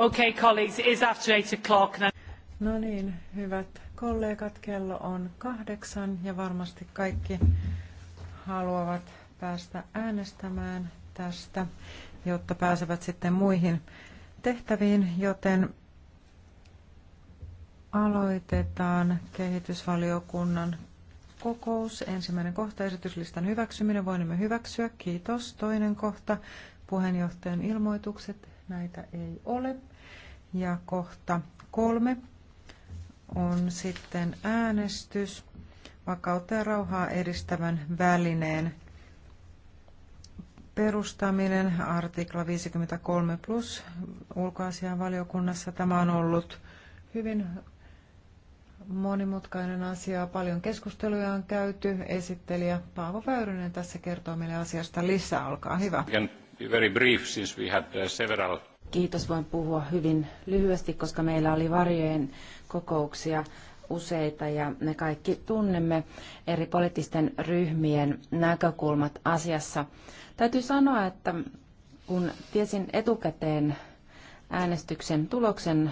Okay, colleagues, it is after eight o'clock. No niin, hyvät kollegat, kello on kahdeksan ja varmasti kaikki haluavat päästä äänestämään tästä, jotta pääsevät sitten muihin tehtäviin, joten aloitetaan kehitysvaliokunnan kokous. Ensimmäinen kohta, esityslistan hyväksyminen, voimme hyväksyä. Kiitos. Toinen kohta, puheenjohtajan ilmoitukset näitä ei ole. Ja kohta kolme on sitten äänestys vakautta ja rauhaa edistävän välineen perustaminen, artikla 53 plus ulkoasianvaliokunnassa. Tämä on ollut hyvin monimutkainen asia. Paljon keskusteluja on käyty. Esittelijä Paavo Väyrynen tässä kertoo meille asiasta lisää. Olkaa hyvä. Very brief, since we had uh, several... Kiitos, voin puhua hyvin lyhyesti, koska meillä oli varjojen kokouksia useita ja me kaikki tunnemme eri poliittisten ryhmien näkökulmat asiassa. Täytyy sanoa, että kun tiesin etukäteen äänestyksen tuloksen,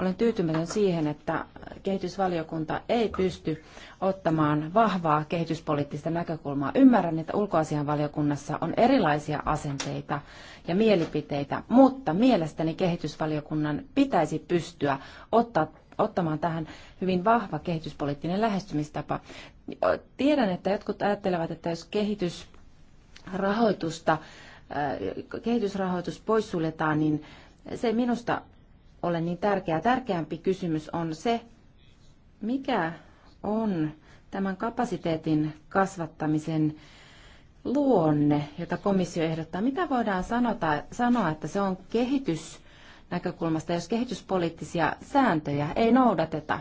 olen tyytymätön siihen, että kehitysvaliokunta ei pysty ottamaan vahvaa kehityspoliittista näkökulmaa. Ymmärrän, että ulkoasianvaliokunnassa on erilaisia asenteita ja mielipiteitä, mutta mielestäni kehitysvaliokunnan pitäisi pystyä ottaa ottamaan tähän hyvin vahva kehityspoliittinen lähestymistapa. Tiedän, että jotkut ajattelevat, että jos kehitysrahoitusta, äh, kehitysrahoitus poissuljetaan, niin se minusta ole niin tärkeää. Tärkeämpi kysymys on se, mikä on tämän kapasiteetin kasvattamisen luonne, jota komissio ehdottaa. Mitä voidaan sanota, sanoa, että se on kehitysnäkökulmasta, jos kehityspoliittisia sääntöjä ei noudateta?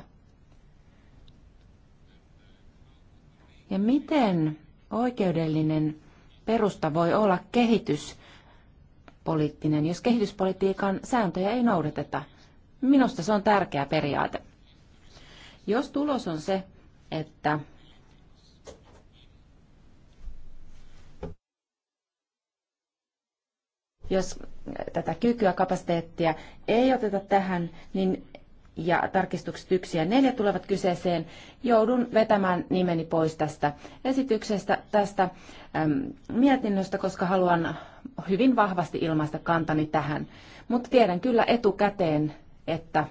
Ja miten oikeudellinen perusta voi olla kehityspoliittinen, jos kehityspolitiikan sääntöjä ei noudateta? Minusta se on tärkeä periaate. Jos tulos on se, että jos tätä kykyä, kapasiteettia ei oteta tähän, niin ja tarkistukset 1 ja 4 tulevat kyseeseen, joudun vetämään nimeni pois tästä esityksestä, tästä äm, mietinnöstä, koska haluan hyvin vahvasti ilmaista kantani tähän. Mutta tiedän kyllä etukäteen, että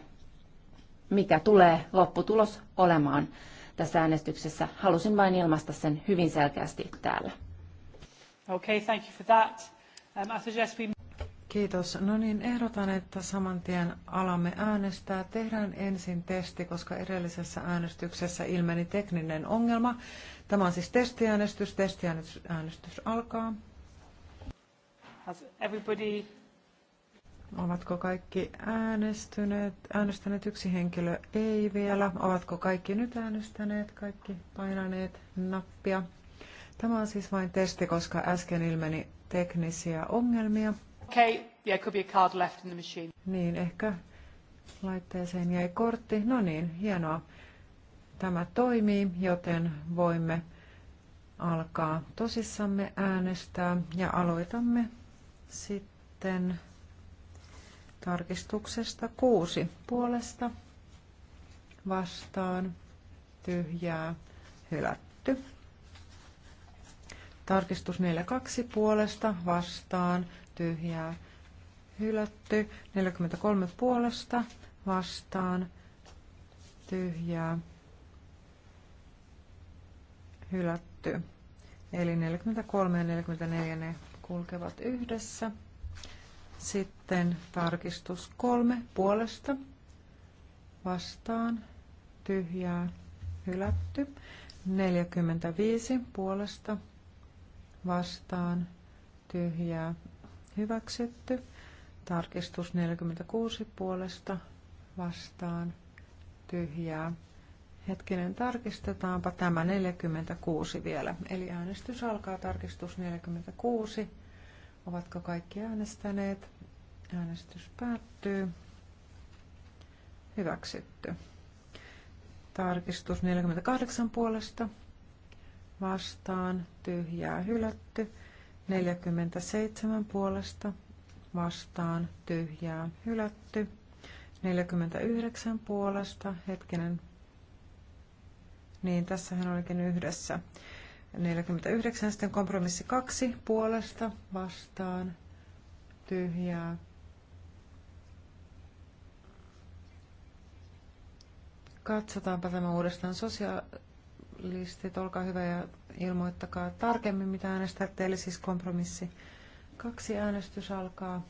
mikä tulee lopputulos olemaan tässä äänestyksessä. Halusin vain ilmaista sen hyvin selkeästi täällä. Okay, thank you for that. Um, I suggest we... Kiitos. No niin, ehdotan, että saman tien alamme äänestää. Tehdään ensin testi, koska edellisessä äänestyksessä ilmeni tekninen ongelma. Tämä on siis testiäänestys. Testiäänestys alkaa. Has everybody Ovatko kaikki äänestyneet? Äänestäneet yksi henkilö ei vielä. Ovatko kaikki nyt äänestäneet? Kaikki painaneet nappia. Tämä on siis vain testi, koska äsken ilmeni teknisiä ongelmia. Okay, yeah, could be a card left in the machine. Niin, ehkä laitteeseen jäi kortti. No niin, hienoa. Tämä toimii, joten voimme alkaa tosissamme äänestää ja aloitamme sitten Tarkistuksesta kuusi puolesta vastaan tyhjää hylätty. Tarkistus 42 puolesta vastaan tyhjää hylätty. 43 puolesta vastaan tyhjää hylätty. Eli 43 ja 44 ne kulkevat yhdessä. Sitten tarkistus kolme puolesta vastaan tyhjää hylätty. 45 puolesta vastaan tyhjää hyväksytty. Tarkistus 46 puolesta vastaan tyhjää. Hetkinen, tarkistetaanpa tämä 46 vielä. Eli äänestys alkaa tarkistus 46. Ovatko kaikki äänestäneet? Äänestys päättyy. Hyväksytty. Tarkistus 48 puolesta. Vastaan. Tyhjää hylätty. 47 puolesta. Vastaan. Tyhjää hylätty. 49 puolesta. Hetkinen. Niin, tässähän olikin yhdessä. 49 sitten kompromissi 2 puolesta vastaan tyhjää. Katsotaanpa tämä uudestaan. Sosialistit, olkaa hyvä ja ilmoittakaa tarkemmin, mitä äänestätte. Eli siis kompromissi. Kaksi äänestys alkaa.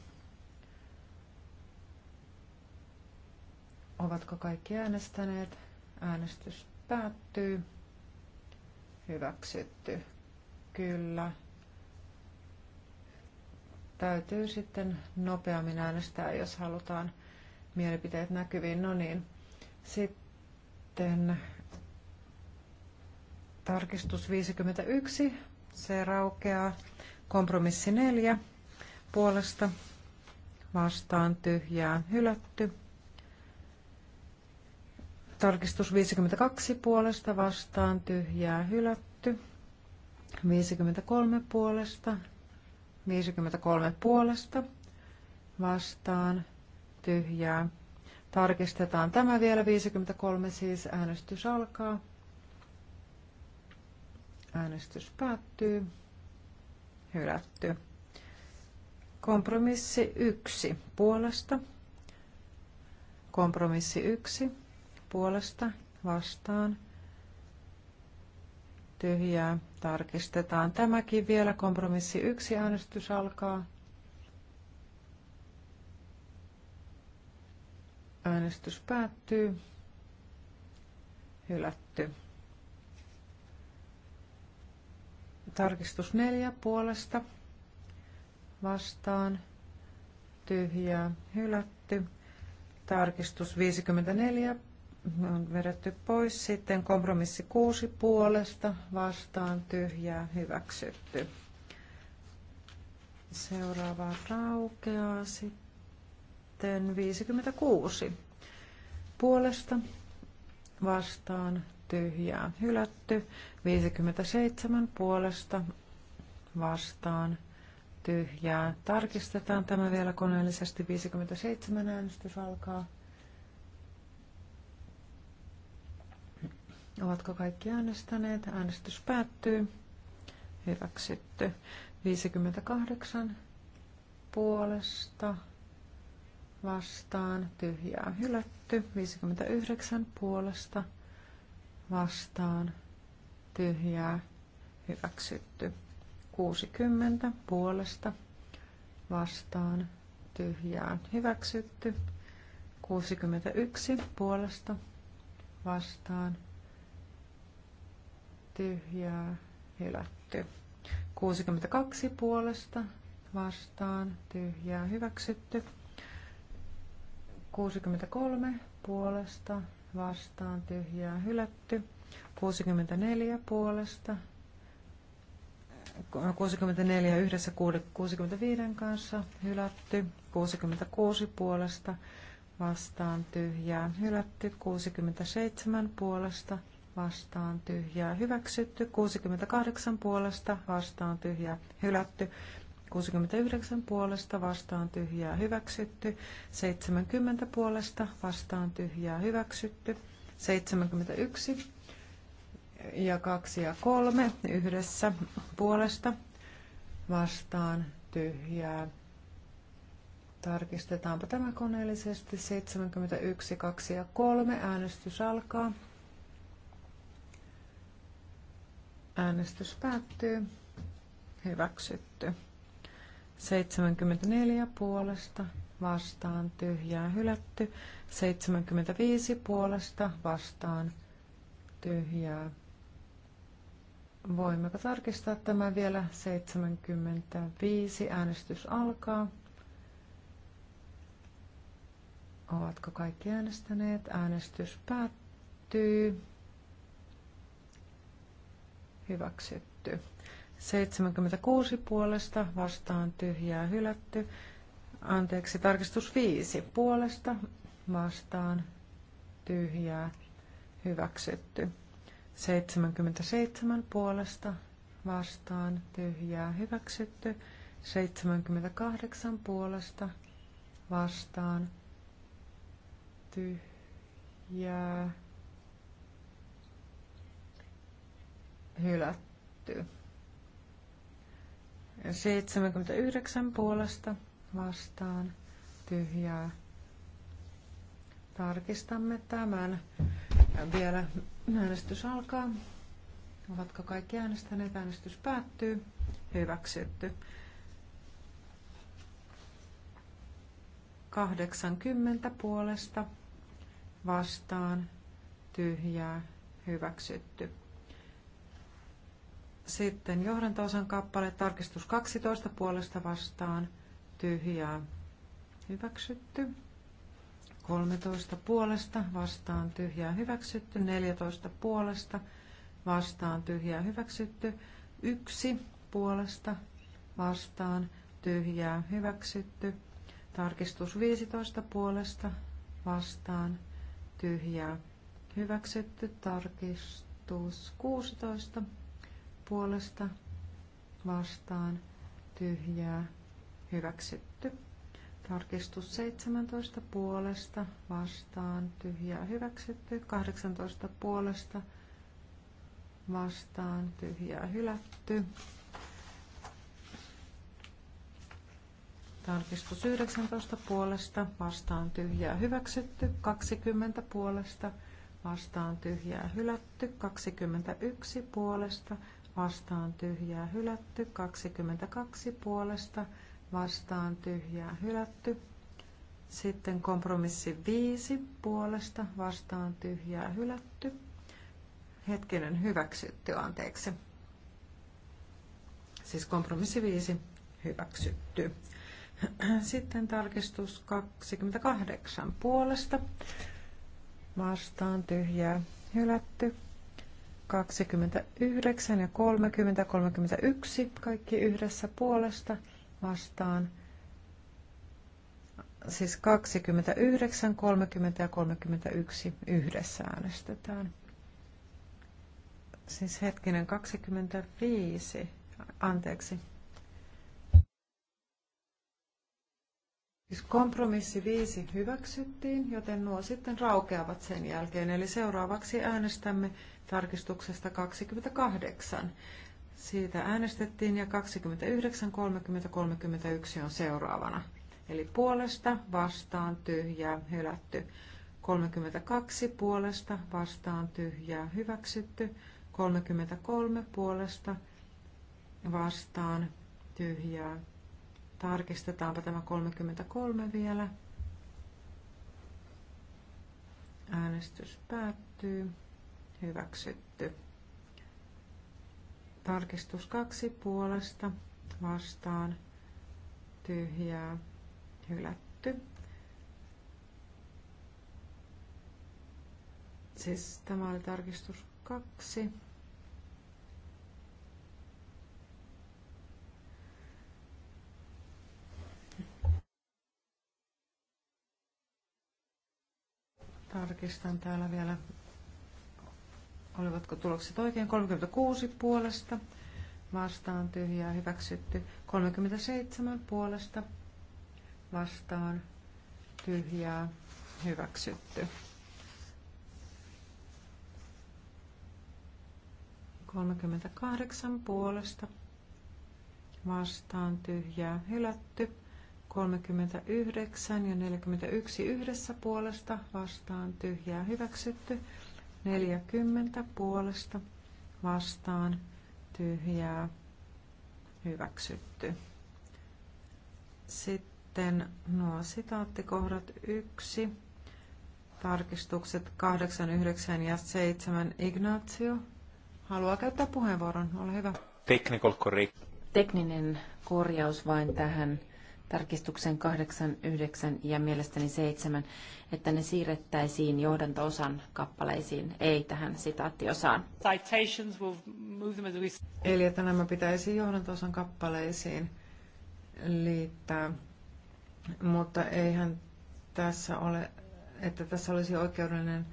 Ovatko kaikki äänestäneet? Äänestys päättyy hyväksytty. Kyllä. Täytyy sitten nopeammin äänestää, jos halutaan mielipiteet näkyviin. No niin. Sitten tarkistus 51. Se raukeaa. Kompromissi 4. Puolesta vastaan tyhjää hylätty. Tarkistus 52 puolesta vastaan tyhjää hylätty. 53 puolesta. 53 puolesta vastaan tyhjää. Tarkistetaan tämä vielä. 53 siis äänestys alkaa. Äänestys päättyy. Hylätty. Kompromissi 1 puolesta. Kompromissi 1 puolesta vastaan tyhjää. Tarkistetaan tämäkin vielä. Kompromissi yksi äänestys alkaa. Äänestys päättyy. Hylätty. Tarkistus neljä puolesta. Vastaan. Tyhjää. Hylätty. Tarkistus 54 on vedetty pois. Sitten kompromissi kuusi puolesta vastaan tyhjää hyväksytty. Seuraava raukeaa sitten 56. Puolesta vastaan tyhjää hylätty. 57 puolesta vastaan tyhjää. Tarkistetaan tämä vielä koneellisesti. 57 äänestys alkaa. Ovatko kaikki äänestäneet? Äänestys päättyy. Hyväksytty. 58 puolesta vastaan tyhjää hylätty. 59 puolesta vastaan tyhjää hyväksytty. 60 puolesta vastaan tyhjää hyväksytty. 61 puolesta vastaan tyhjää hylätty. 62 puolesta vastaan tyhjää hyväksytty. 63 puolesta vastaan tyhjää hylätty. 64 puolesta 64 yhdessä 65 kanssa hylätty, 66 puolesta vastaan tyhjää hylätty, 67 puolesta vastaan tyhjää hyväksytty, 68 puolesta vastaan tyhjää hylätty, 69 puolesta vastaan tyhjää hyväksytty, 70 puolesta vastaan tyhjää hyväksytty, 71 ja 2 ja 3 yhdessä puolesta vastaan tyhjää. Tarkistetaanpa tämä koneellisesti. 71, 2 ja 3. Äänestys alkaa. Äänestys päättyy. Hyväksytty. 74 puolesta vastaan tyhjää hylätty. 75 puolesta vastaan tyhjää. Voimmeko tarkistaa tämän vielä? 75 äänestys alkaa. Ovatko kaikki äänestäneet? Äänestys päättyy hyväksytty. 76 puolesta vastaan tyhjää hylätty. Anteeksi, tarkistus 5 puolesta vastaan tyhjää hyväksytty. 77 puolesta vastaan tyhjää hyväksytty. 78 puolesta vastaan tyhjää hylätty. 79 puolesta vastaan tyhjää. Tarkistamme tämän. Vielä äänestys alkaa. Ovatko kaikki äänestäneet? Äänestys päättyy. Hyväksytty. 80 puolesta vastaan tyhjää hyväksytty. Sitten johdantoosan kappale, tarkistus 12 puolesta vastaan, tyhjää, hyväksytty. 13 puolesta vastaan, tyhjää, hyväksytty. 14 puolesta vastaan, tyhjää, hyväksytty. 1 puolesta vastaan, tyhjää, hyväksytty. Tarkistus 15 puolesta vastaan, tyhjää, hyväksytty. Tarkistus 16 puolesta vastaan tyhjää hyväksytty. Tarkistus 17 puolesta vastaan tyhjää hyväksytty. 18 puolesta vastaan tyhjää hylätty. Tarkistus 19 puolesta vastaan tyhjää hyväksytty. 20 puolesta vastaan tyhjää hylätty. 21 puolesta vastaan tyhjää hylätty, 22 puolesta vastaan tyhjää hylätty. Sitten kompromissi 5 puolesta vastaan tyhjää hylätty. Hetkinen hyväksytty, anteeksi. Siis kompromissi 5 hyväksytty. Sitten tarkistus 28 puolesta vastaan tyhjää hylätty. 29 ja 30, 31, kaikki yhdessä puolesta vastaan. Siis 29, 30 ja 31 yhdessä äänestetään. Siis hetkinen, 25, anteeksi, Siis kompromissi viisi hyväksyttiin, joten nuo sitten raukeavat sen jälkeen. Eli seuraavaksi äänestämme tarkistuksesta 28. Siitä äänestettiin ja 29, 30, 31 on seuraavana. Eli puolesta, vastaan, tyhjää, hylätty. 32 puolesta, vastaan, tyhjää, hyväksytty. 33 puolesta, vastaan, tyhjää, Tarkistetaanpa tämä 33 vielä. Äänestys päättyy. Hyväksytty. Tarkistus kaksi puolesta vastaan tyhjää hylätty. Siis tämä oli tarkistus kaksi. Tarkistan täällä vielä, olivatko tulokset oikein. 36 puolesta vastaan tyhjää hyväksytty. 37 puolesta vastaan tyhjää hyväksytty. 38 puolesta vastaan tyhjää hylätty. 39 ja 41 yhdessä puolesta vastaan tyhjää hyväksytty. 40 puolesta vastaan tyhjää hyväksytty. Sitten nuo sitaattikohdat 1, tarkistukset 8, 9 ja 7. Ignacio haluaa käyttää puheenvuoron. Ole hyvä. Technical correct. Tekninen korjaus vain tähän tarkistuksen 8, 9 ja mielestäni 7, että ne siirrettäisiin johdantoosan kappaleisiin, ei tähän sitaattiosaan. Eli että nämä pitäisi johdantoosan kappaleisiin liittää, mutta eihän tässä ole, että tässä olisi oikeudellinen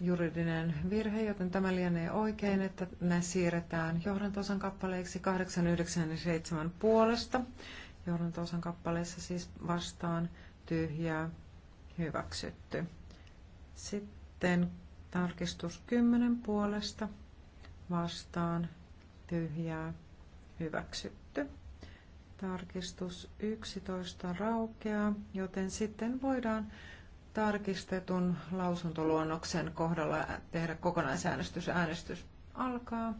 juridinen virhe, joten tämä lienee oikein, että ne siirretään johdantosan kappaleiksi 8, 9 ja 7 puolesta johdantosan kappaleessa siis vastaan tyhjää hyväksytty. Sitten tarkistus 10 puolesta vastaan tyhjää hyväksytty. Tarkistus 11 raukeaa, joten sitten voidaan tarkistetun lausuntoluonnoksen kohdalla tehdä kokonaisäänestys. Äänestys alkaa.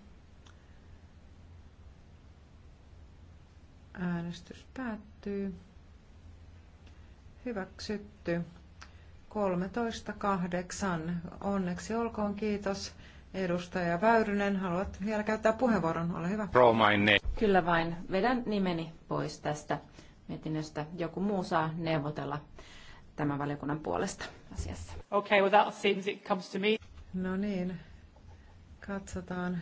Äänestys päättyy. Hyväksytty. 13.8. Onneksi olkoon, kiitos. Edustaja Väyrynen, haluat vielä käyttää puheenvuoron, ole hyvä. Kyllä vain, vedän nimeni pois tästä mietinnöstä. Joku muu saa neuvotella tämän valiokunnan puolesta asiassa. Okay, well that seems it comes to me. No niin, katsotaan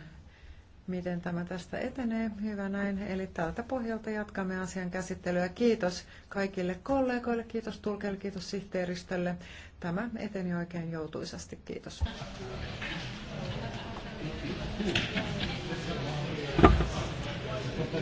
miten tämä tästä etenee. Hyvä näin. Eli tältä pohjalta jatkamme asian käsittelyä. Kiitos kaikille kollegoille, kiitos tulkeille, kiitos sihteeristölle. Tämä eteni oikein joutuisasti. Kiitos.